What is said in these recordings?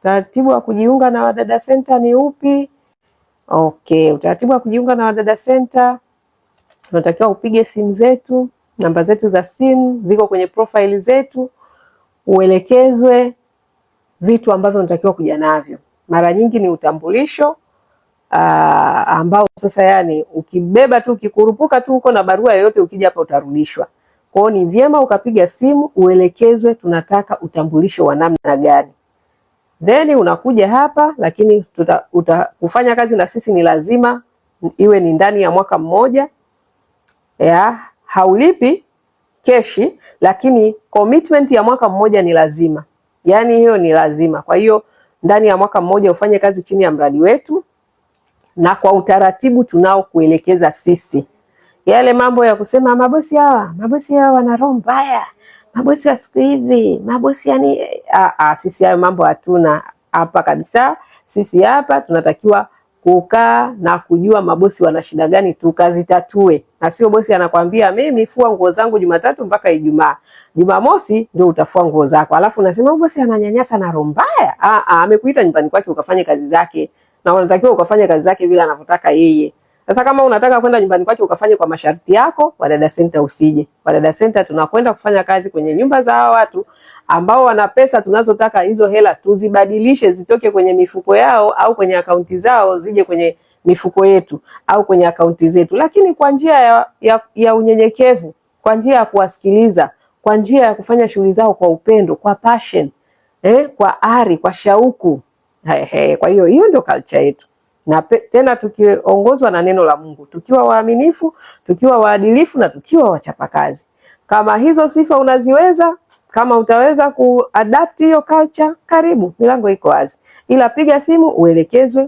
Utaratibu wa kujiunga na Wadada Center ni upi? Okay, utaratibu wa kujiunga na Wadada Center unatakiwa upige simu zetu, namba zetu za simu ziko kwenye profaili zetu, uelekezwe vitu ambavyo unatakiwa kuja navyo. Mara nyingi ni utambulisho uh, ambao sasa yani ukibeba tu ukikurupuka tu uko na barua yoyote, ukija hapa utarudishwa. Kwa hiyo ni vyema ukapiga simu uelekezwe, tunataka utambulisho wa namna gani then unakuja hapa, lakini kufanya kazi na sisi ni lazima iwe ni ndani ya mwaka mmoja ya, haulipi keshi, lakini commitment ya mwaka mmoja ni lazima, yaani hiyo ni lazima. Kwa hiyo ndani ya mwaka mmoja ufanye kazi chini ya mradi wetu na kwa utaratibu tunaokuelekeza sisi. Yale mambo ya kusema mabosi hawa mabosi hawa wana roho mbaya mabosi wa siku hizi, mabosi yani a, a, sisi hayo mambo hatuna hapa kabisa. Sisi hapa tunatakiwa kukaa na kujua mabosi wana shida gani, tukazitatue, na sio bosi anakwambia mimi fua nguo zangu Jumatatu mpaka Ijumaa, Jumamosi ndio utafua nguo zako, alafu unasema bosi ananyanyasa na roho mbaya. amekuita nyumbani kwake ukafanye kazi zake, na unatakiwa ukafanye kazi zake vile anavyotaka yeye. Sasa kama unataka kwenda nyumbani kwake ukafanye kwa masharti yako, Wadada Center usije. Wadada Center tunakwenda kufanya kazi kwenye nyumba za hawa watu ambao wana pesa tunazotaka hizo hela tuzibadilishe zitoke kwenye mifuko yao au kwenye akaunti zao zije kwenye mifuko yetu au kwenye akaunti zetu, lakini kwa njia ya, ya, ya unyenyekevu, kwa njia ya kuwasikiliza, kwa njia ya kufanya shughuli zao kwa upendo, kwa passion, eh, kwa ari, kwa shauku. Hey, hey, kwa hiyo hiyo ndio culture yetu na tena tukiongozwa na neno la Mungu, tukiwa waaminifu, tukiwa waadilifu na tukiwa wachapakazi. Kama hizo sifa unaziweza, kama utaweza kuadapt hiyo culture, karibu, milango iko wazi, ila piga simu uelekezwe.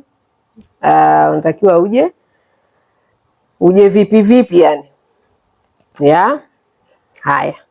Uh, unatakiwa uje uje vipi vipi, yani ya haya